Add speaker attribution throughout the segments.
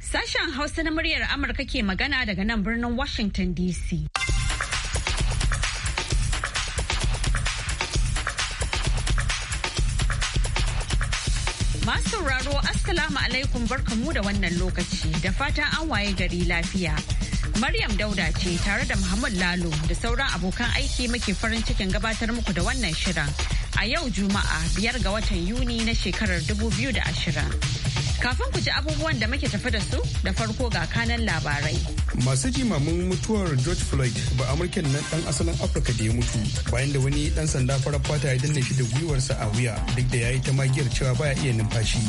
Speaker 1: Sashen Hausa na muryar Amurka ke magana daga nan birnin Washington DC. Masu sauraro Assalamu alaikum barkamu da wannan lokaci da fatan an waye gari lafiya. Maryam Dauda ce tare da Muhammad Lalo da sauran abokan aiki muke farin cikin gabatar muku da wannan shirin a yau Juma'a biyar ga watan Yuni na shekarar 2020. Kafin ku ji abubuwan da muke tafi da su da farko ga kanan labarai.
Speaker 2: Masu jimamin mutuwar George Floyd ba Amurken nan dan asalin Afirka da ya mutu bayan da wani dan sanda farar fata ya danne shi da gwiwarsa a wuya duk da ya yi ta magiyar cewa baya iya numfashi.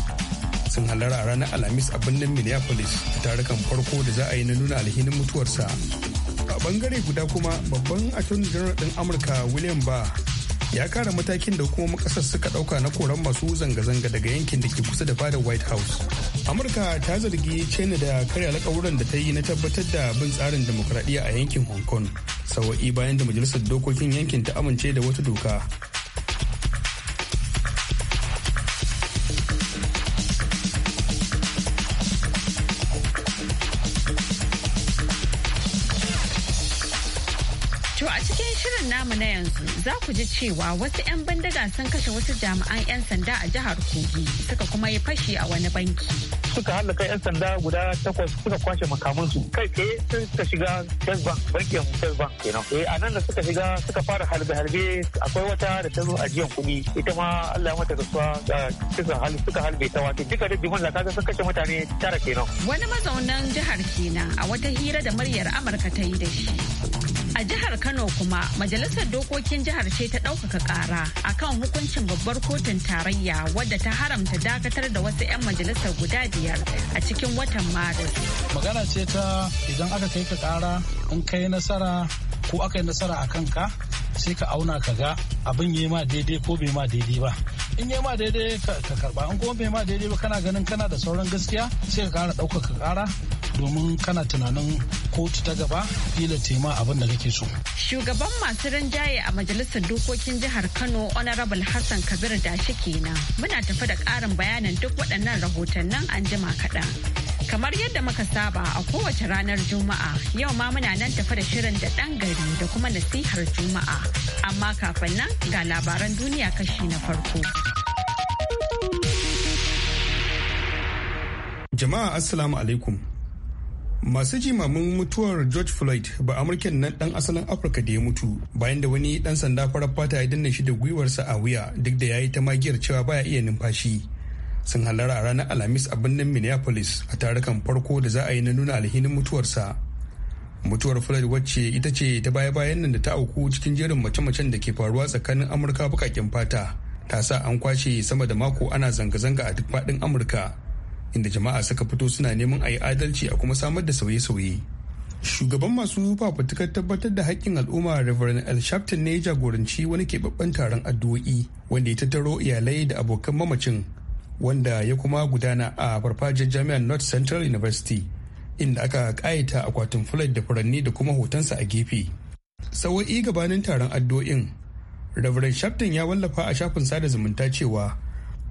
Speaker 2: sun halara a ranar alhamis a birnin minneapolis tarukan farko da za a yi na nuna alhinin mutuwarsa a bangare guda kuma babban attorney general din amurka william ba ya kara matakin da hukumomin kasar suka dauka na koran masu zanga-zanga daga yankin da ke kusa da fadar white house amurka ta zargi china da karya alkawuran da ta yi na tabbatar da bin tsarin demokradiyya a yankin hong kong sawa'i bayan da majalisar dokokin yankin ta amince da wata doka
Speaker 1: za ku ji cewa wasu 'yan bandaga sun kashe wasu jami'an 'yan sanda a jihar Kogi suka kuma yi fashi a wani banki. Suka
Speaker 3: hallaka 'yan sanda guda takwas suka kwashe makamansu kai tsaye sun suka shiga First Bank bankin First Bank kenan. Eh a nan da suka shiga suka fara halbe-halbe akwai wata da ta zo ajiyan kuɗi ita ma Allah mata rasuwa suka hal suka halbe ta wato duka da jimin kaga sun kashe mutane tara kenan.
Speaker 1: Wani mazaunan jihar kenan a wata hira da muryar Amurka ta yi da shi. A jihar Kano kuma majalisar dokokin jihar ce ta ɗaukaka ƙara akan hukuncin babbar kotun tarayya wadda ta haramta dakatar da wasu 'yan majalisar guda biyar a cikin watan Maris.
Speaker 4: Magana ce ta idan aka kai ka ƙara in kai nasara ko aka yi nasara a kanka sai ka auna ka ga abin yi ma daidai ko bai ma daidai ba. in yi ma daidai ka karba in kuma bai ma daidai ba kana ganin kana da sauran gaskiya sai ka kara ɗaukaka kara domin kana tunanin kotu ta gaba kila tema abin da kake so.
Speaker 1: Shugaban masu rinjaye a majalisar dokokin jihar Kano Honorable Hassan Kabir da shi kenan. Muna tafi da ƙarin bayanin duk waɗannan rahotannin an jima kaɗan. Kamar yadda muka saba a kowace ranar Juma'a, yau ma muna nan tafi da shirin da ɗan gari da kuma nasihar Juma'a. Amma kafin nan ga labaran duniya kashi na farko.
Speaker 2: Jama'a Assalamu alaikum. masu jimamin mutuwar george floyd ba amurken nan dan asalin afirka da ya mutu bayan da wani dan sanda farar fata ya danna shi da gwiwarsa a wuya duk da ya yi ta magiyar cewa baya iya numfashi sun halara a ranar alhamis a birnin minneapolis a tarukan farko da za a yi na nuna alhinin mutuwarsa mutuwar floyd wacce ita ce ta baya-bayan nan da ta auku cikin jerin mace-macen da ke faruwa tsakanin amurka bukakin fata ta sa an kwashe sama da mako ana zanga-zanga a duk faɗin amurka inda jama'a suka fito suna neman a yi adalci a kuma samar da sauye-sauye shugaban masu fafutukar tabbatar da haƙƙin al'umma reverend el shafton ne ya jagoranci wani keɓaɓɓen taron addu'o'i wanda ya tattaro iyalai da abokan mamacin wanda ya kuma gudana a farfajiyar jami'ar north central university inda aka ƙayata akwatin fulat da furanni da kuma hotonsa a gefe sawa'i gabanin taron addu'o'in reverend shafton ya wallafa a shafin sada zumunta cewa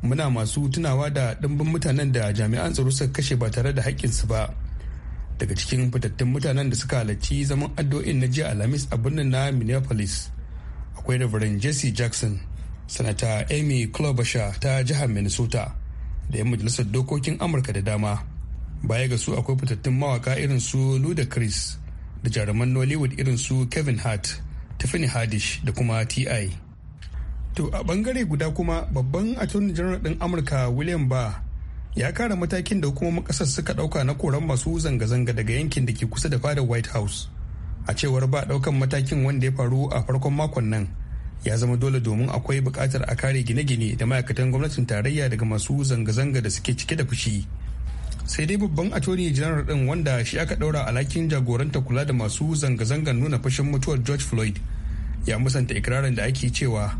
Speaker 2: muna masu tunawa da ɗimbin mutanen da jami'an tsaro suka kashe ba tare da haƙƙinsu ba daga cikin fitattun mutanen da suka halarci zaman addu'o'in na jiya alhamis a birnin na minneapolis akwai rabarin jesse jackson sanata amy klobuchar ta jihar minnesota da 'yan majalisar dokokin amurka da dama baya ga su akwai fitattun mawaka irin su ludacris da jaruman nollywood irin su kevin hart tiffany haddish da kuma ti To a bangare guda kuma babban attorney general ɗin Amurka William Ba ya kara matakin da hukumomin ƙasar suka ɗauka na koran masu zanga-zanga daga yankin da ke kusa da fadar White House. A cewar ba ɗaukan matakin wanda ya faru a farkon makon nan ya zama dole domin akwai buƙatar a kare gine-gine da ma'aikatan gwamnatin tarayya daga masu zanga-zanga da suke cike da fushi. Sai dai babban attorney general din wanda shi aka ɗaura alhakin jagoranta kula da masu zanga-zangar nuna fushin mutuwar George Floyd ya musanta ikirarin da ake cewa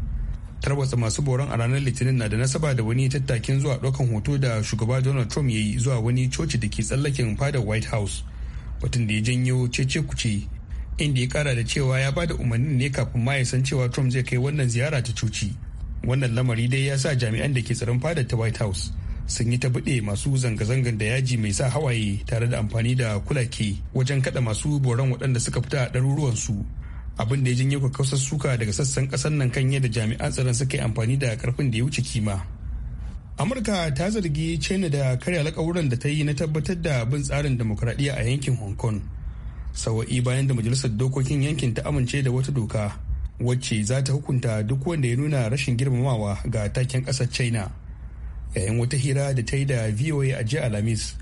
Speaker 2: tarwatsa masu boron a ranar litinin na da nasaba da wani tattakin zuwa ɗaukan hoto da shugaba donald trump ya yi zuwa wani coci da ke tsallakin fadar white house batun da ya janyo cece kuce inda ya kara da cewa ya ba da umarnin ne kafin ma ya san cewa trump zai kai wannan ziyara ta coci wannan lamari dai ya sa jami'an da ke tsaron fadar ta white house sun yi ta buɗe masu zanga-zangar da yaji mai sa hawaye tare da amfani da kulake wajen kada masu boron waɗanda suka fita a ɗaruruwansu abin da ya janyo kakkausar suka daga sassan kasar nan kan yadda jami'an tsaron suka yi amfani da karfin da ya wuce kima amurka ta zargi china da karya alkawuran da ta yi na tabbatar da bin tsarin demokradiyya a yankin hong kong sawa'i bayan da majalisar dokokin yankin ta amince da wata doka wacce za ta hukunta duk wanda ya nuna rashin girmamawa ga taken kasar china yayin wata hira da ta yi da voa a jiya alhamis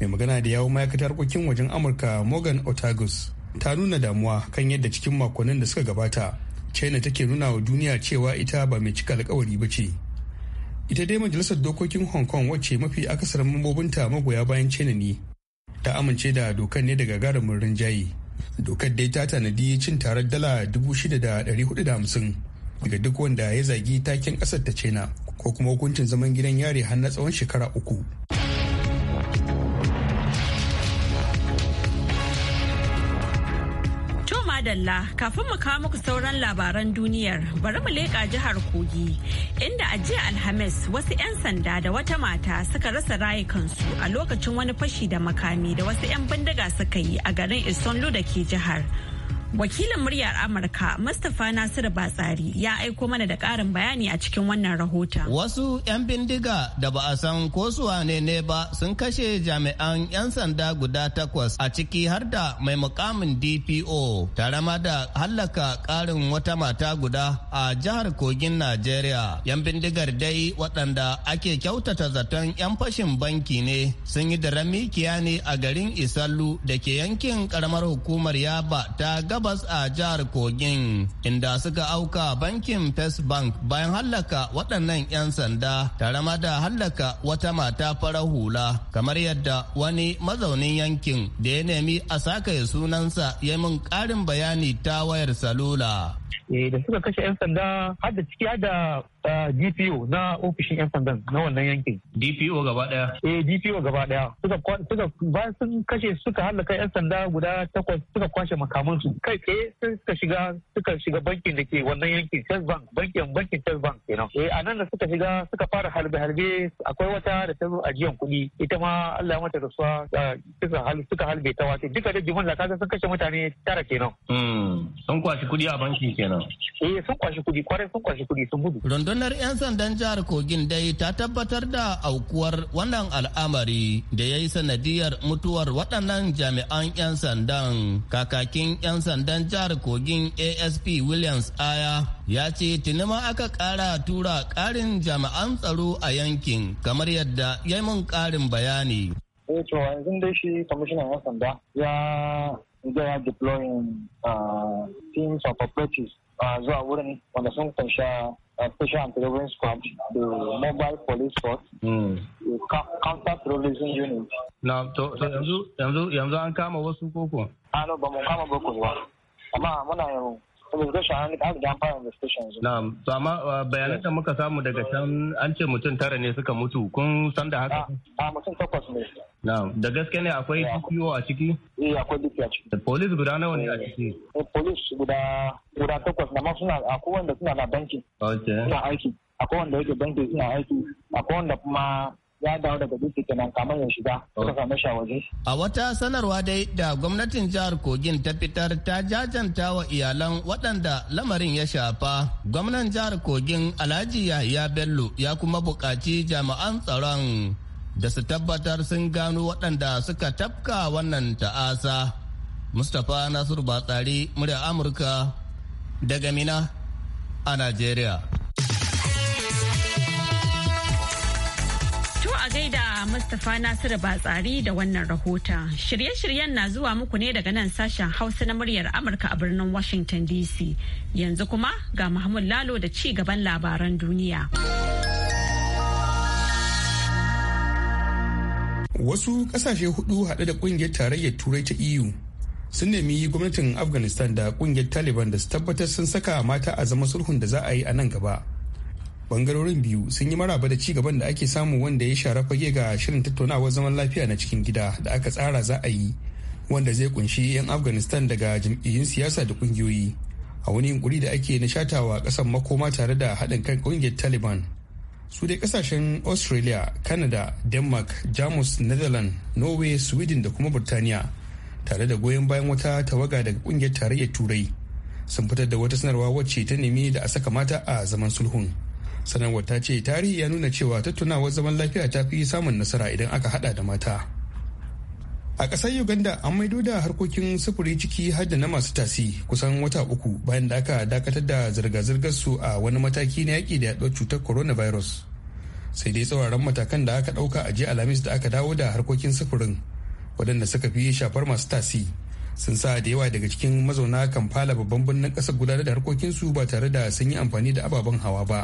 Speaker 2: mai magana da yawon ma'aikatar harkokin wajen amurka morgan otagus ta nuna damuwa kan yadda cikin makonnin da suka gabata china take nuna wa duniya cewa ita ba mai cika alkawari ba ce ita dai majalisar dokokin hong kong wacce mafi akasarin mambobinta magoya bayan china ne ta amince da dokar ne daga garamin rinjaye dokar dai ta tanadi cin tarar dala 6,450 daga duk wanda ya zagi takin kasar ta china ko kuma hukuncin zaman gidan yare har na tsawon shekara uku
Speaker 1: madalla kafin mu kawo muku sauran labaran duniyar bari mu leƙa jihar kogi inda a jiya alhamis wasu 'yan sanda da wata mata suka rasa rayukansu a lokacin wani fashi da makami da wasu 'yan bindiga suka yi a garin isonlu da ke jihar Wakilin muryar Amurka Mustapha Nasiru Batsari ya aiko mana da ƙarin bayani a cikin wannan rahoton.
Speaker 5: Wasu 'yan bindiga da ba a san ko ne ne ba sun kashe jami'an 'yan sanda guda takwas a ciki har da mai mukamin DPO tare ma da hallaka ƙarin wata mata guda a jihar Kogin Najeriya. 'Yan bindigar dai waɗanda ake kyautata zaton 'yan fashin banki ne sun yi da ramikiya ne a garin Isallu da ke yankin ƙaramar hukumar Yaba ta gabas a jihar Kogin, inda suka auka bankin First Bank bayan hallaka waɗannan 'yan sanda tare ma da hallaka wata mata farar hula, kamar yadda wani mazaunin yankin da ya nemi a ya sunansa ya min ƙarin bayani
Speaker 6: ta wayar salula. Eh, da suka kashe 'yan sanda har da ciki da DPO na ofishin 'yan sandan na wannan yankin. DPO gaba daya? Eh DPO gaba daya. Suka suka bayan sun kashe suka halaka 'yan sanda guda takwas suka kwashe makamansu. Kai tsaye suka shiga suka shiga bankin da ke wannan yankin Chase Bank bankin bankin Chase Bank kenan. Eh a nan da suka shiga suka fara halbe halbe akwai wata da ta zo ajiyan kuɗi ita ma Allah ya mata rasuwa suka hal suka halbe ta wace duka da jimilla kaga sun kashe mutane tara kenan.
Speaker 7: Hmm,
Speaker 5: sun kwashi kuɗi a bankin kenan.
Speaker 6: Eh sun kwashi kuɗi kwarai sun
Speaker 2: kwashi kuɗi sun gudu.
Speaker 6: rundunar 'yan
Speaker 5: sandan jihar kogin dai ta tabbatar da aukuwar wannan al'amari da ya yi sanadiyar mutuwar waɗannan jami'an 'yan sandan kakakin 'yan sandan jihar kogin asp williams aya ya ce tuni ma aka ƙara tura ƙarin jami'an tsaro a yankin kamar yadda ya yi mun ƙarin bayani
Speaker 4: eh to dai shi
Speaker 5: ah,
Speaker 6: teams of operatives
Speaker 8: ah, zuwa wurin wanda sun kunsha Special Anti-Terrorism Squad,
Speaker 9: the Mobile Police Force, hmm. the Counter-Terrorism Unit.
Speaker 5: Na, to yanzu yanzu an kama wasu koko?
Speaker 4: Ano, ah, ba mu kama boko ba. Amma muna yau investigation an riga an fara investigation yanzu.
Speaker 5: Na'am, to amma uh, bayanan da muka samu daga eh. can an ce mutum tara ne suka mutu kun san da haka? A
Speaker 9: ah, ah, mutum takwas ne.
Speaker 5: Na'am, da gaske ne akwai eh, DPO a ciki? Eh, akwai DPO a ciki. Police guda nawa ne a eh, ciki?
Speaker 4: Police guda guda takwas na ma suna akwai wanda suna na banki. Okay. Suna aiki. Akwai wanda yake banki suna aiki. Akwai wanda kuma ya dawo daga duki kenan kamar ya shiga oh. suka
Speaker 6: samu
Speaker 5: A wata sanarwa dai da gwamnatin jihar Kogin ta fitar ta jajanta wa iyalan waɗanda lamarin ya shafa. Gwamnan jihar Kogin Alhaji Yahya Bello ya kuma buƙaci jami'an tsaron da su tabbatar sun gano waɗanda suka tafka wannan ta'asa. Mustapha Nasiru Batsari, murya
Speaker 1: Amurka daga Mina
Speaker 5: a Najeriya.
Speaker 1: To a gaida Mustapha Nasiru Batsari da wannan rahota. Shirye-shiryen na zuwa muku ne daga nan sashen Hausa na muryar Amurka a birnin Washington DC. Yanzu kuma ga Mahmud Lalo da ci gaban labaran duniya.
Speaker 2: Wasu kasashe hudu haɗe da kungiyar tarayyar Turai ta EU sun nemi gwamnatin Afghanistan da kungiyar Taliban da su tabbatar sun saka mata a zama sulhun da za a yi a nan gaba. bangarorin biyu sun yi maraba da ci gaban da ake samu wanda ya shara fage ga shirin tattaunawar zaman lafiya na cikin gida da aka tsara za a yi wanda zai kunshi 'yan afghanistan daga jam'iyyun siyasa da kungiyoyi a wani yunkuri da ake nishatawa kasan makoma tare da haɗin kan kungiyar taliban su dai kasashen australia canada denmark jamus netherlands norway sweden da kuma burtaniya tare da goyon bayan wata tawaga daga kungiyar tarayyar turai sun fitar da wata sanarwa wacce ta nemi da a saka mata a zaman sulhun sanarwar ta ce tarihi ya nuna cewa tattunawar zaman lafiya ta fi samun nasara idan aka hada da mata a ƙasar uganda an maido da harkokin sufuri ciki hadda na masu tasi kusan wata uku bayan da aka dakatar da zirga-zirgar su a wani mataki na yaƙi da yaɗuwar cutar coronavirus sai dai tsauraran matakan da aka ɗauka a jiya alhamis da aka dawo da harkokin sufurin waɗanda suka fi shafar masu tasi sun sa da yawa daga cikin mazauna kampala babban birnin ƙasar gudanar da harkokinsu ba tare da sun yi amfani da ababen hawa ba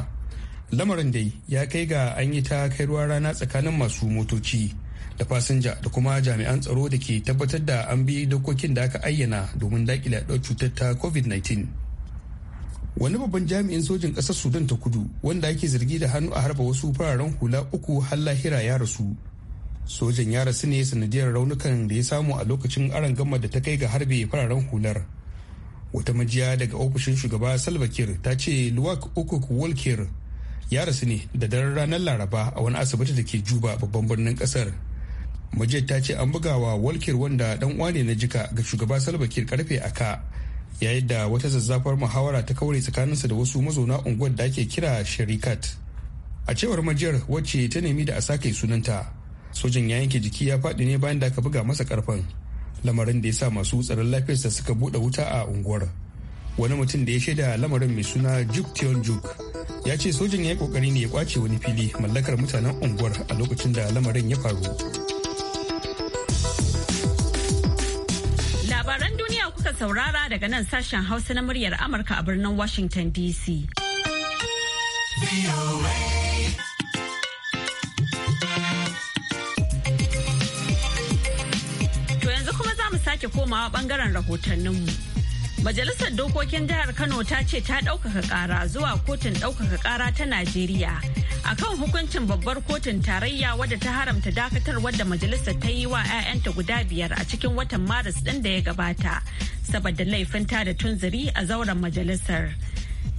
Speaker 2: lamarin dai ya kai ga an yi ta kai ruwa rana tsakanin masu motoci da fasinja da kuma jami'an tsaro da ke tabbatar da an bi dokokin da aka ayyana domin daƙile yaɗuwar cutar ta covid-19 wani babban jami'in sojin ƙasar sudan ta kudu wanda ake zargi da hannu a harba wasu fararen hula uku har lahira ya rasu sojan ya rasu ne sanadiyar raunukan da ya samu a lokacin aron gama da ta kai ga harbe fararen hular wata majiya daga ofishin shugaba salva kir ta ce luwak okok walker ya rasu ne da daren ranar laraba a wani asibiti da ke juba babban birnin kasar majiyar ta ce an bugawa walkir wanda dan wane na jika ga shugaba salva kiir karfe a ka yayin da wata zazzafar muhawara ta kaure tsakaninsa da wasu mazauna unguwar da ake kira sharikat a cewar majiyar wacce ta nemi da a sake sunanta sojan ya yanke jiki ya faɗi ne bayan da aka buga masa karfan lamarin da ya sa masu tsaron lafiyarsa suka buɗe wuta a unguwar wani mutum da ya shaida lamarin mai suna juk tion juk ya ce sojin ya yi kokari ne ya kwace wani fili mallakar mutanen unguwar a lokacin da lamarin ya faru
Speaker 1: labaran duniya kuka saurara daga nan sashen hausa na muryar amurka a birnin washington dc To yanzu kuma za mu sake komawa bangaren rahotanninmu. Majalisar Dokokin Jihar Kano ta ce ta ɗaukaka ƙara zuwa kotun ɗaukaka ƙara ta Najeriya akan hukuncin babbar kotun tarayya wadda ta haramta dakatar da majalisar ta yi wa 'ya'yanta guda biyar a cikin watan Maris ɗin da ya gabata saboda laifin tada tunziri a zauren majalisar.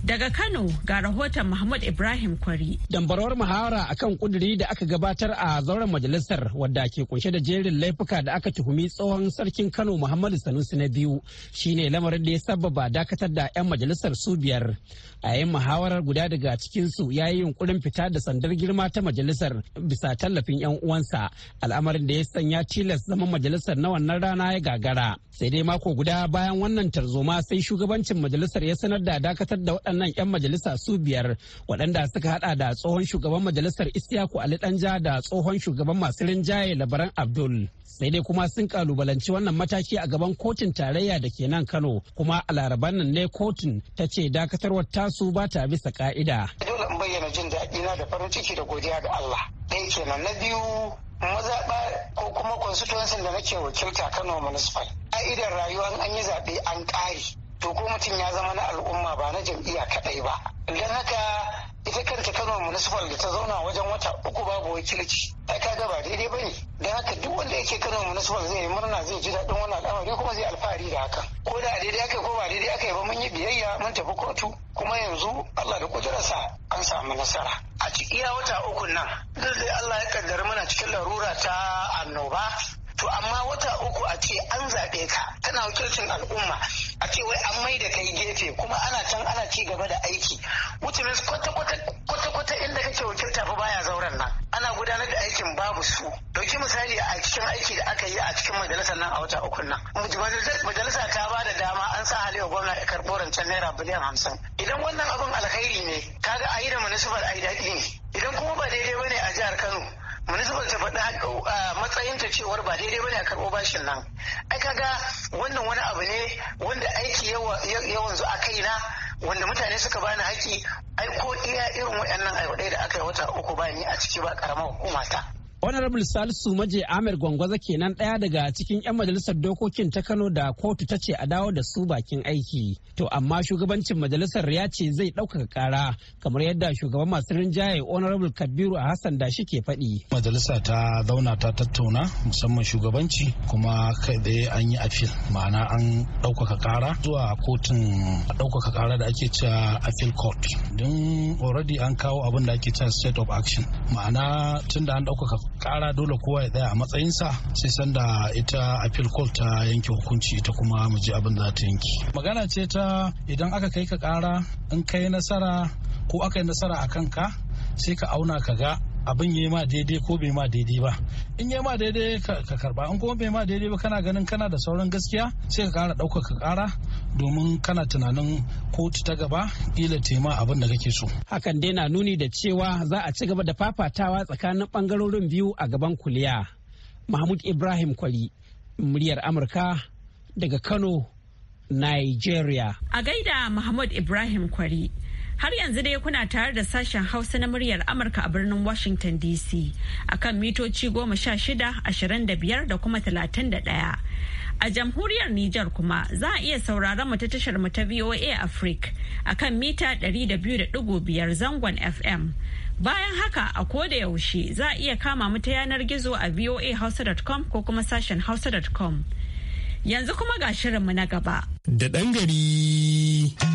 Speaker 1: Daga Kano ga rahoton Muhammad Ibrahim Kwari.
Speaker 6: Dambarwar muhawara a kan kuduri da aka gabatar a zauren majalisar wadda ke kunshe da jerin laifuka da aka tuhumi tsohon sarkin Kano Muhammadu Sanusi na biyu shine lamarin da ya sababa dakatar da 'yan majalisar su biyar. a yin muhawarar guda daga cikinsu ya yi yunkurin fita da sandar girma ta majalisar bisa tallafin 'yan uwansa al'amarin da ya sanya tilas zaman majalisar na wannan rana ya gagara sai dai mako guda bayan wannan tarzoma sai shugabancin majalisar ya sanar da dakatar da waɗannan 'yan majalisa su biyar waɗanda suka hada da tsohon shugaban majalisar isyaku ali danja da tsohon shugaban masu rinjaye labaran abdul sai dai kuma sun kalubalanci wannan mataki a gaban kotun tarayya da ke nan kano kuma a laraban nan ne kotun ta ce dakatarwar tasu ba ta bisa ka'ida dole in bayyana jin daɗi na da farin ciki da godiya ga allah ɗaya kenan na biyu mazaɓa ko kuma constituency da nake wakilta kano municipal ka'idar rayuwa an yi zaɓe an ƙari to ko mutum ya zama na al'umma ba na jam'iyya kaɗai ba don haka ita kanta kano municipal da ta zauna wajen wata uku babu wakilci ai ka ba daidai bane da haka duk wanda yake kano municipal zai yi murna zai ji daɗin wannan al'amari kuma zai alfahari da hakan ko da daidai aka ko ba daidai aka yi ba mun yi biyayya mun tafi kotu kuma yanzu Allah da kudurarsa an samu nasara a
Speaker 3: iya wata uku nan duk dai Allah ya kaddara mana cikin larura ta annoba to amma wata uku a ce an zaɓe ka kana wakilcin al'umma a ce wai an mai da
Speaker 6: kai gefe kuma ana can ana ci gaba da aiki wuce kwata-kwata inda kake wakilta fa baya zauren nan ana gudanar da aikin babu su dauki misali a cikin aiki da
Speaker 3: aka yi a cikin majalisar nan a wata uku nan majalisa ta ba da dama an sa halewa gwamna ya karɓo rancen naira biliyan hamsin idan wannan abin alkhairi ne kaga a yi da municipal a daɗi ne
Speaker 6: idan kuma ba daidai ba ne a jihar kano municipal ta faɗa uh, matsayin ta cewar ba daidai ba ne a karɓo bashin nan ai kaga wannan wani abu ne wanda aiki
Speaker 3: yawan zu a kaina wanda mutane suka bani haƙƙi ai ko iya irin waɗannan aiwadai da
Speaker 6: aka yi wata uku ba ni a ciki ba ƙaramar hukuma ta honorable salisu maje amir gwangwaza kenan ɗaya daga cikin 'yan majalisar dokokin ta kano da kotu ta ce a dawo da su bakin aiki to amma shugabancin majalisar ya ce zai ɗaukaka kara kamar yadda shugaban masu rinjaye
Speaker 4: honorable kabiru a hassan da shi ke faɗi majalisa ta zauna ta tattauna musamman shugabanci kuma kai tsaye an yi afil ma'ana an ɗaukaka ƙara zuwa kotun ɗaukaka ƙara da ake cewa afil court don already an kawo abin da ake cewa state of action ma'ana tunda an ɗaukaka kara dole kowa ya tsaya a matsayinsa sai sanda ita appeal court ta yanke hukunci ita kuma mu ji abin za ta yanke. magana ce ta idan aka kai ka kara in kai nasara ko aka yi nasara a kanka sai ka auna ka ga abin ya ma daidai ko bai ma daidai ba in ya ma daidai ka karba in kuma bai ma daidai ba kana ganin kana da sauran gaskiya sai ka kara ka kara domin kana tunanin kotu ta gaba kila tema abin da kake so
Speaker 6: hakan dai na nuni da cewa za a ci gaba da fafatawa tsakanin bangarorin biyu a gaban kuliya mahmud ibrahim kwari muryar amurka daga kano nigeria
Speaker 1: a gaida mahmud ibrahim kwari Har yanzu dai kuna tare da sashen Hausa na muryar Amurka a birnin Washington DC akan mitoci goma sha shida, ashirin da biyar da kuma talatin da ɗaya. A jamhuriyar Nijar kuma za a iya sauraron mu ta tashar mu ta VOA Africa akan mita biyar zangon FM. Bayan haka a koda yaushe za a iya kama mu ta yanar gizo a voahausa.com ko kuma sashen hausa.com. Yanzu kuma ga shirinmu na gaba.
Speaker 2: Da ɗan gari.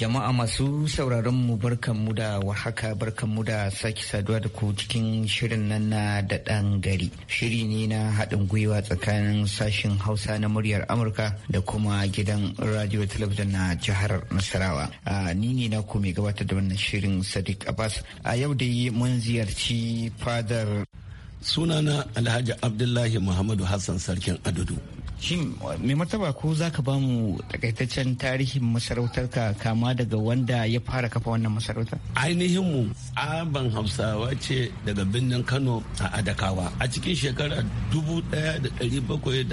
Speaker 8: Jama'a masu sauraron mu mu da warhaka mu da sake saduwa da ku cikin shirin nan na da ɗan gari. Shiri ne na haɗin gwiwa tsakanin sashen Hausa na muryar Amurka da kuma gidan radio talabijin na jihar Nasarawa. Ni ne na ku mai gabatar da wannan shirin Sadiq Abbas. A yau da yi mun ziyarci fadar sunana alhaji abdullahi muhammadu hassan sarkin adudu shin mai martaba ko za ka ba mu takaitaccen tarihin masarautarka kama daga wanda ya fara kafa wannan masarauta
Speaker 3: ainihin mu tsaban hausawa ce daga birnin kano a adakawa a cikin shekarar 1740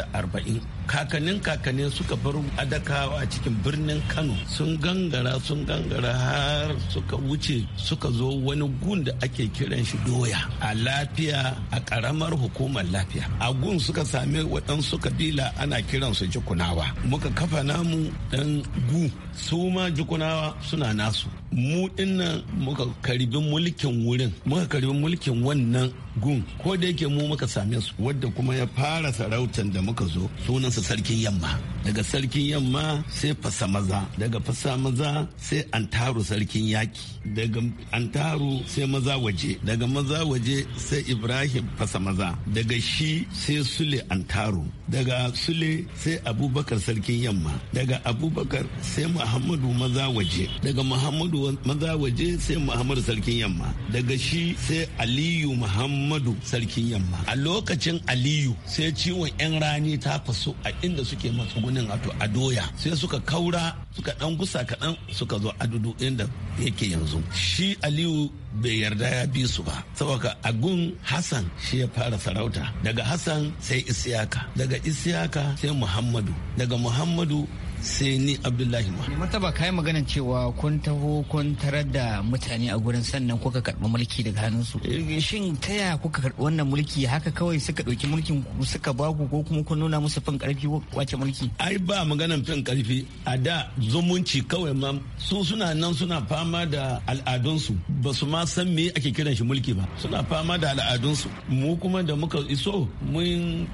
Speaker 3: kakannin kakanni suka bar adaka a cikin birnin kano sun gangara sun gangara har suka wuce suka zo wani gun da ake kiran shi doya a lafiya a karamar hukumar lafiya a gun suka sami waɗansu kabila ana kiransu jikunawa muka kafa namu dan gu su ma jikunawa suna nasu mu dinnan muka karibin mulkin wurin muka karibin mulkin wannan gun ko da yake mu muka same su wadda kuma ya fara sarautar da muka zo sunansa sarkin yamma daga sarkin yamma sai fasa maza daga fasa maza sai taru sarkin yaki daga taru sai maza waje daga maza waje sai ibrahim fasa maza daga shi sai sule taru daga sule sai abubakar sarkin yamma daga abubakar sai muhammadu maza waje daga muhammadu maza waje sai muhammadu sarkin yamma daga shi sai aliyu muhammadu sarkin yamma a lokacin aliyu sai ciwon yan rani ta faso a inda suke matsugunan ainihin wato a doya sai suka kaura suka dan gusa kaɗan suka zo adudu inda yake yanzu shi aliyu bai yarda ya bi su ba saboda agun hassan shi ya fara sarauta daga hassan sai isiyaka daga isiyaka sai muhammadu daga muhammadu sai ni abdullahi ma
Speaker 8: martaba kayan maganan cewa kun taho kun tarar da mutane a gurin sannan kuka karɓi mulki daga hannun hannunsu eh, shin ta yaya
Speaker 3: kuka karɓi wannan mulki haka kawai suka ɗauki mulkin suka ba ku ko kuma kun nuna musu fin ƙarfi wace mulki ai ba maganan fin ƙarfi a da zumunci kawai ma su suna nan suna fama da al'adunsu ba su ma san me ake kiran shi mulki ba suna fama da al'adunsu mu kuma da muka iso mun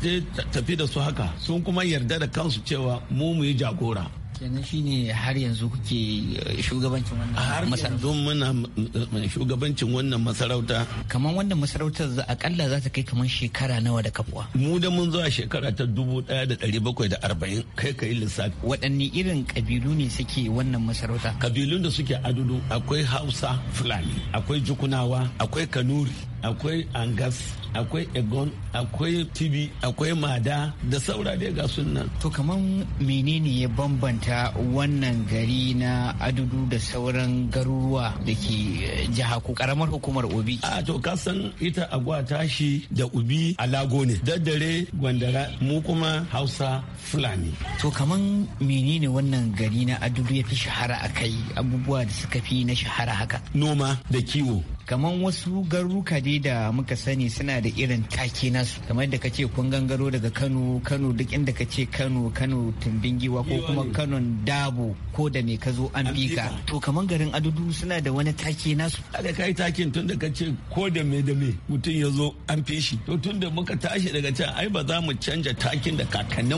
Speaker 3: tafi da su haka sun kuma yarda da kansu cewa mu mu yi jagora
Speaker 8: kenan shine har yanzu kuke eh, eh, shugabancin
Speaker 3: wannan masarauta muna shugabancin wannan masarauta kamar wannan masarautar
Speaker 8: za akalla za ta kai kamar shekara nawa da kafuwa
Speaker 3: mu da mun zuwa shekara ta dubu ɗaya da dari bakwai da arba'in kai ka yi lissafi waɗanne irin kabilu ne suke wannan masarauta kabilun da suke adudu akwai hausa fulani akwai jukunawa akwai kanuri akwai angas akwai egon akwai tibi akwai mada da saura dai ga sunan
Speaker 8: to kamar menene ya bambanta ta wannan gari na adudu da sauran garuruwa da
Speaker 3: ke eh, jiha ko karamar hukumar obi a to ka ita agwa tashi da ubi alago ne daddare gwandara mu kuma hausa fulani to kaman menene wannan gari na adudu ya fi shahara a kai abubuwa da
Speaker 8: suka fi na shahara haka noma da kiwo Kaman wasu garuruka dai da muka sani suna da irin take nasu kamar da kace kun gangaro daga kano kano duk inda kace kano kano tumbin giwa ko kuma kano nonon dabo ko da me ka zo an bika to kaman garin
Speaker 3: adudu suna da wani take nasu da kai takin tun da kace ce ko da me da me mutum ya zo an fi shi to tun da muka tashi daga can ai ba za mu canja takin da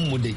Speaker 3: mu da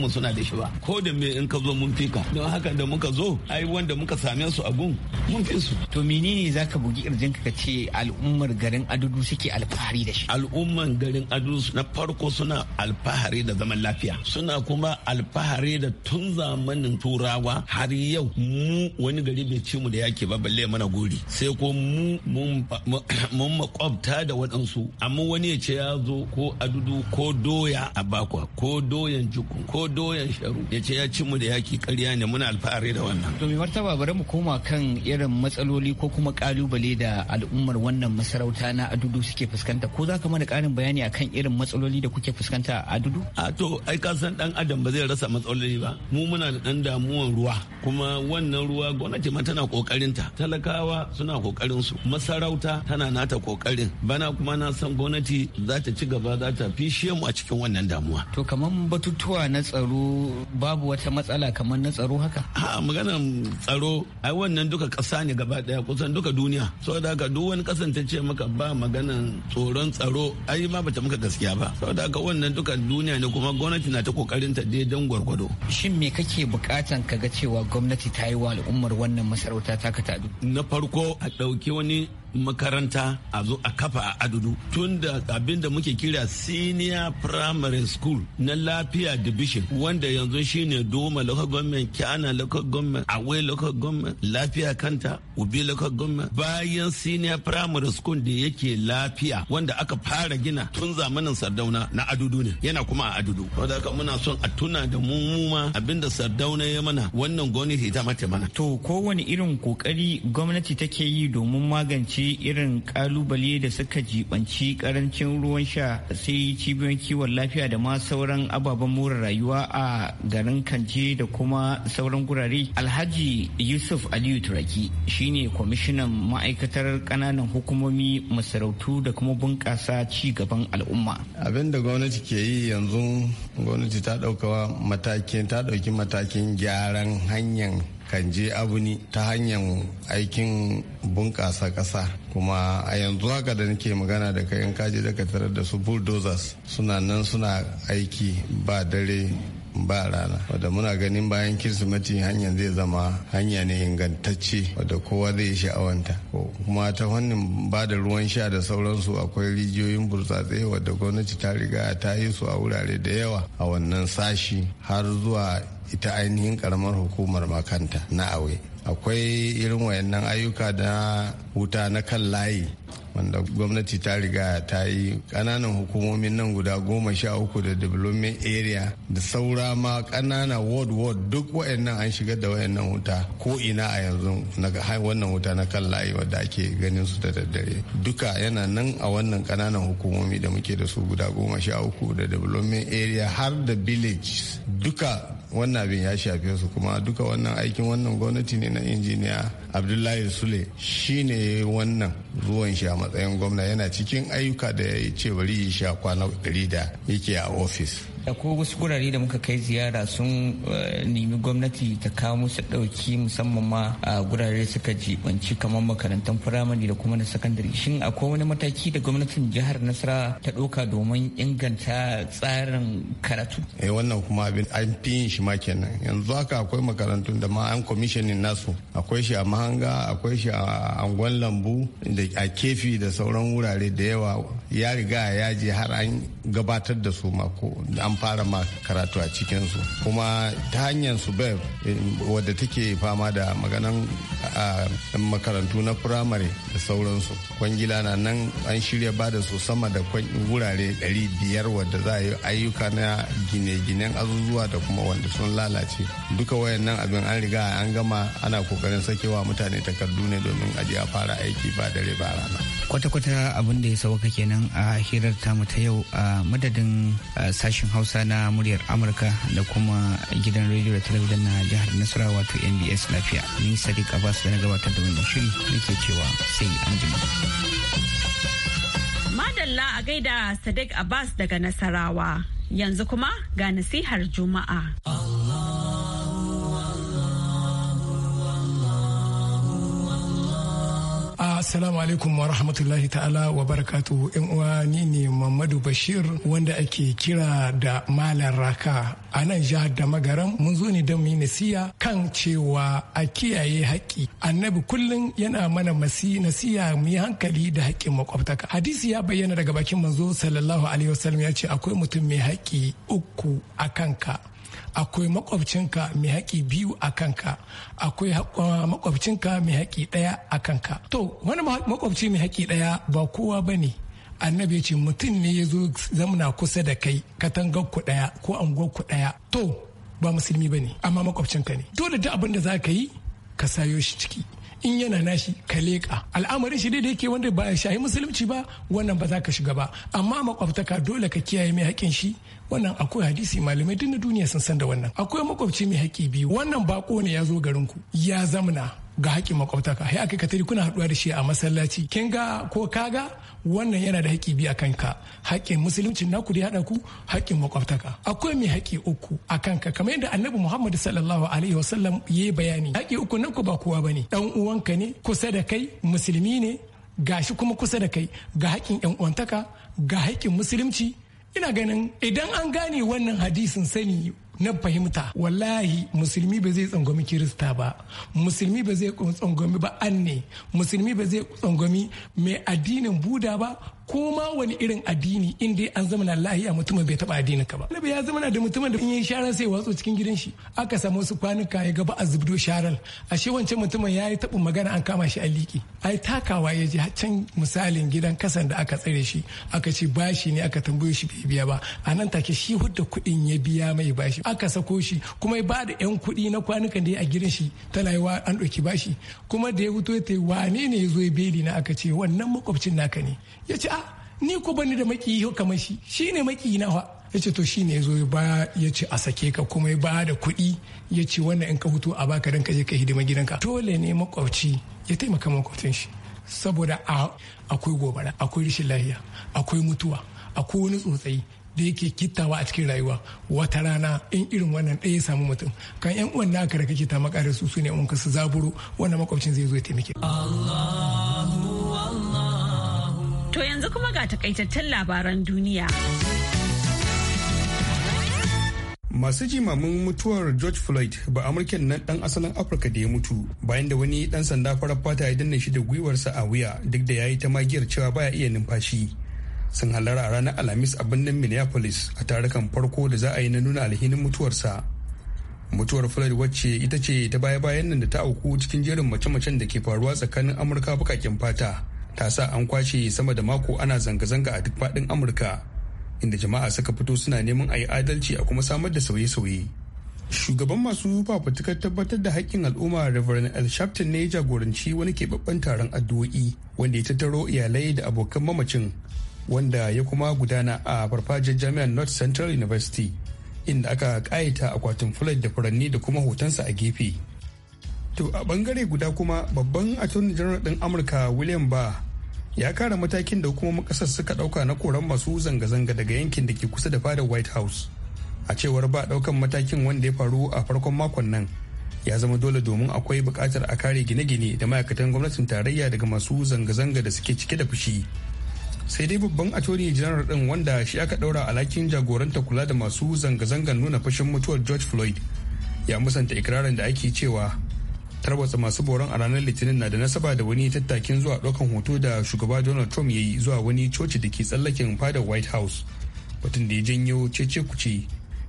Speaker 3: mu suna da shi ba ko da me in ka zo mun fika don haka da muka zo ai wanda muka same su a gun mun fi su to menene zaka bugi irjin ka ce al'ummar garin adudu suke alfahari da shi al'umman garin adudu na farko suna alfahari da zaman lafiya suna kuma alfahari da tun zamani zamanin turawa har yau mu wani gari bai ci mu da yaki ba balle mana gori sai ko mu mun makwabta da waɗansu amma wani ya ce ya zo ko adudu ko doya a bakwa ko doyan jukun ko doyan sharu ya ce ya ci mu da yaki karya ne muna alfahari da wannan.
Speaker 8: to mai martaba bari mu koma kan irin matsaloli ko kuma kalubale da al'ummar wannan masarauta na adudu suke fuskanta ko za ka mana karin bayani akan irin matsaloli da kuke fuskanta a adudu.
Speaker 3: a to ai ka dan adam ba zai rasa matsaloli ba mu muna da dan damuwan ruwa kuma wannan ruwa gwamnati ma tana kokarin ta talakawa suna kokarin su masarauta tana nata kokarin bana kuma na san gwamnati za ta ci gaba za ta fishe mu a cikin wannan damuwa to kamar batutuwa na
Speaker 8: tsaro babu wata matsala kaman na tsaro haka
Speaker 3: a maganar tsaro ai wannan duka kasa ne gaba daya kusan duka duniya saboda haka duk wani kasan ta ce maka ba maganar tsoron tsaro ai ma bata maka gaskiya ba saboda haka wannan duka duniya ne kuma gwamnati na ta kokarin ta daidan gwargwado
Speaker 8: shin me kake kake bukatan ka ga cewa gwamnati ta yi wa al'ummar wannan masarauta ta ka tadu
Speaker 3: na farko a ɗauki wani makaranta a zo a kafa a adudu tun da abin da muke kira senior primary school na lafiya division wanda yanzu shine doma local government kyana local government away local government lafiya kanta ubi local government bayan senior primary school da yake lafiya wanda aka fara gina tun zamanin sardauna na adudu ne yana kuma a adudu saboda haka muna son a tuna da mu ma da sardauna ya mana wannan gwamnati ta mata mana
Speaker 8: to kowane irin kokari gwamnati take yi domin magance fuskanci irin kalubale da suka jibanci karancin ruwan sha sai cibiyoyin kiwon lafiya da ma sauran ababen more rayuwa a garin kanje da kuma sauran gurare alhaji yusuf aliyu turaki shine kwamishinan ma'aikatar kananan hukumomi masarautu da kuma bunƙasa
Speaker 9: ci gaban al'umma abin da gwamnati ke yi yanzu gwamnati ta ta ɗauki matakin gyaran hanyar kan je abuni ta hanyar aikin bunƙasa ƙasa kuma a yanzu haka da nake magana da kayan kaji da ka tarar da su bulldozers suna nan suna aiki ba dare ba rana wadda muna ganin bayan kirsimeti hanyar zai zama hanya ne ingantacce wadda kowa zai sha'awanta kuma ta fannin ba da ruwan sha da sauransu akwai rijiyoyin burtsatse wadda gwamnati ta riga ta yi su a wurare da yawa a wannan sashi har zuwa ita ainihin karamar hukumar makanta na awe akwai irin wayannan ayyuka da wuta na kan layi wanda gwamnati ta riga ta yi kananan hukumomin nan guda goma sha uku da development area da saura ma kanana world world duk wayannan an shigar da wayannan wuta ko ina a yanzu na wannan wuta na kan layi wadda ake ganin su da daddare duka yana nan a wannan kananan hukumomi da muke da su guda goma sha uku da development area har da village duka wannan abin ya shafe su kuma duka wannan aikin wannan gwamnati ne na injiniya abdullahi sule shi ne wannan zuwan shi a matsayin gwamna yana cikin ayyuka da ya yi ce bari ya sha kwana 100 da yake a ofis
Speaker 8: ko wasu kurare da muka kai ziyara sun eh, nemi gwamnati ta kawo musu ɗauki musamman ma a gurare suka jibanci kamar makarantar firamare da kuma na sakandare shin akwai wani mataki da gwamnatin jihar nasara ta ɗauka domin inganta tsarin karatu
Speaker 9: eh wannan kuma abin an fi yin shi ma kenan yanzu haka akwai makarantun da ma an commissioning nasu akwai shi a mahanga akwai shi a angon lambu da a kefi da sauran wurare da yawa ya riga ya je har an gabatar da su mako. an fara ma karatu a cikinsu kuma ta hanyar su bev eh, wadda take fama da maganan makarantu na firamare da sauransu kwangila na nan an shirya ba da su sama da wurare 500 wadda za a yi ayyuka na gine-ginen azuzuwa da kuma wanda sun lalace duka wayannan abin an riga an gama ana kokarin sakewa mutane takardu ne domin aje a fara aiki ba dare ba rana
Speaker 8: kwata-kwata abin da ya sauka kenan a hirar tamu ta yau a madadin sashen hausa na muryar amurka da kuma gidan rediyo da talabijin na jihar nasarawa wato nbs lafiya ni sadiq abbas da na gabatar da wannan shiri nake cewa sai an jima
Speaker 1: madalla a gaida sadiq abbas daga nasarawa yanzu kuma ga nasihar juma'a
Speaker 7: Assalamu alaikum wa rahmatullahi ta'ala wa barakatu In uwa ni ne Muhammadu Bashir wanda ake kira da Malam Raka a nan jihar da magaram mun zo ne don mu yi nasiya kan cewa a kiyaye haƙƙi annabi kullum yana mana masi nasiya mu yi hankali da haƙƙin makwabtaka hadisi ya bayyana daga bakin manzo sallallahu alaihi wasallam ya ce akwai mutum mai haƙƙi uku a kanka akwai makwabcinka mai haƙi biyu a kanka akwai makwabcinka mai haƙi ɗaya a kanka to wani makwabci mai haƙi ɗaya ba kowa ba ne annabi ce mutum ne ya zo zamana kusa da kai katangar ku ɗaya ko angon ku ɗaya to ba musulmi ba ne amma makwabcinka ne dole duk abin da za ka yi ka sayo shi ciki in yana nashi ka leƙa al'amarin shi daidai ke wanda ba shahi musulunci ba wannan ba za ka shiga ba amma makwabtaka dole ka kiyaye mai haƙin shi wannan akwai hadisi malamai duk na duniya sun san da wannan akwai makwabci mai haƙƙi biyu wannan bako ne ya zo garin ku ya zamana ga haƙƙin makwabtaka sai aka katari kuna haɗuwa da shi a masallaci kin ga ko ga wannan yana da haƙƙi biyu akan ka haƙƙin musulunci naku da haɗa ku haƙƙin makwabtaka akwai mai haƙƙi uku akan ka kamar yadda annabi muhammad sallallahu alaihi wasallam yi bayani haƙƙi uku naku ba kowa bane Ɗan uwanka ne kusa da kai musulmi ne gashi kuma kusa da kai ga haƙƙin ƴan' uwantaka ga haƙƙin musulunci ina ganin idan an gane wannan hadisin sani na fahimta wallahi musulmi ba zai tsangwami kirista ba musulmi ba zai tsangwami ba anne musulmi ba zai tsangwami mai addinin buda ba ko ma wani irin addini in dai an zama na lahiya mutumin bai taba addinin ka ba annabi ya zama da mutumin da in yi sharar sai watsu cikin gidan shi aka samu wasu kwanuka ya gaba a zubdo sharar ashe wancan mutumin ya yi taɓin magana an kama shi a liƙi ai takawa ya ji can misalin gidan kasan da aka tsare shi aka ce bashi ne aka tambaye shi bai biya ba a nan take shi hudda kuɗin ya biya mai bashi aka sako shi kuma ya ba da yan kuɗi na kwanukan da ya a gidan shi ta layuwa an ɗauki bashi kuma da ya fito ya wane ne ya zo ya beli na aka ce wannan makwabcin naka ne ya ce a ah, ni ko bani da maki kamar shi ne maki na ya yace to shine ne ya ba ya ce a sake ka kuma ya ba da kuɗi ya ce wannan in ka hutu a baka dan ka je ka hidima gidanka dole ne makwabci ya taimaka makwabcin shi saboda akwai gobara akwai rashin lafiya akwai mutuwa akwai wani tsotsai da yake kittawa a cikin rayuwa wata rana in irin wannan ɗaya ya samu mutum kan yan uwan naka da kake ta makarar su su ne in ka su zaburo wannan makwabcin zai zo ya taimake
Speaker 1: Allah To yanzu kuma ga takaitattun labaran duniya.
Speaker 2: Masu jimamin mutuwar George Floyd ba Amurken nan ɗan asalin Afirka da ya mutu bayan da wani ɗan sanda farar fata ya danna shi da gwiwarsa a wuya duk da ya yi ta magiyar cewa baya iya numfashi. Sun halara a ranar Alhamis a birnin Minneapolis a tarukan farko da za a yi na nuna alhinin mutuwarsa. Mutuwar Floyd wacce ita ce ta baya-bayan nan da ta auku cikin jerin mace-macen da ke faruwa tsakanin Amurka bukakin fata. ta sa an kwashe sama da mako ana zanga-zanga a duk faɗin amurka inda jama'a suka fito suna neman a yi adalci a kuma samar da sauye-sauye shugaban masu fafutukar tabbatar da haƙƙin al'umma reverend el shafton ne ya jagoranci wani keɓaɓɓen taron addu'o'i wanda ya tattaro iyalai da abokan mamacin wanda ya kuma gudana a farfajiyar jami'ar north central university inda aka ƙayata akwatin fulat da furanni da kuma hotonsa a gefe To a bangare guda kuma babban attorney general din Amurka William Barr ya kara matakin da hukumomin makasar suka ɗauka na koran masu zanga-zanga daga yankin da ke kusa da fadar White House. A cewar ba ɗaukan matakin wanda ya faru a farkon makon nan ya zama dole domin akwai bukatar a kare gine-gine da ma'aikatan gwamnatin tarayya daga masu zanga-zanga da suke cike da fushi. Sai dai babban attorney general din wanda shi aka ɗaura alhakin jagoranta kula da masu zanga-zangar nuna fushin mutuwar George Floyd ya musanta ikirarin da ake cewa tarwatsa masu boron a ranar litinin na da nasaba da wani tattakin zuwa ɗaukan hoto da shugaba donald trump ya yi zuwa wani coci da ke tsallaken fadar white house batun da ya janyo cece kuce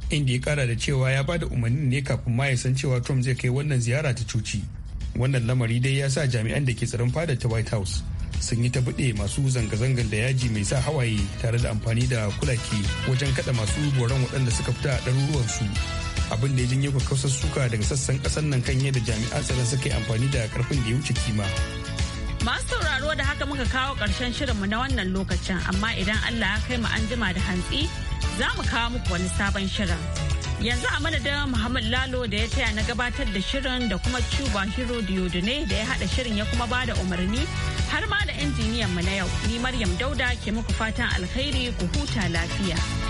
Speaker 2: inda ya kara da cewa ya bada umarnin ne kafin ma ya san cewa trump zai kai wannan ziyara ta coci wannan lamari dai ya sa jami'an da ke tsaron fadar ta white house sun yi ta buɗe masu zanga-zangar da yaji mai sa hawaye tare da amfani da kulaki wajen kada masu boron waɗanda suka fita a ɗaruruwansu abin da ya janyo kakkausar suka daga sassan kasar nan kan yadda jami'a tsaron suka yi amfani da karfin da ya wuce kima.
Speaker 1: Masu sauraro da haka muka kawo karshen shirin mu na wannan lokacin amma idan Allah ya kai mu an jima da hantsi za mu kawo muku wani sabon shirin. Yanzu a madadin Muhammad Lalo da ya taya na gabatar da shirin da kuma Cuba Hero Diodune da ya haɗa shirin ya kuma bada umarni har ma da injiniyan mu na yau ni Maryam Dauda ke muku fatan alkhairi ku huta lafiya.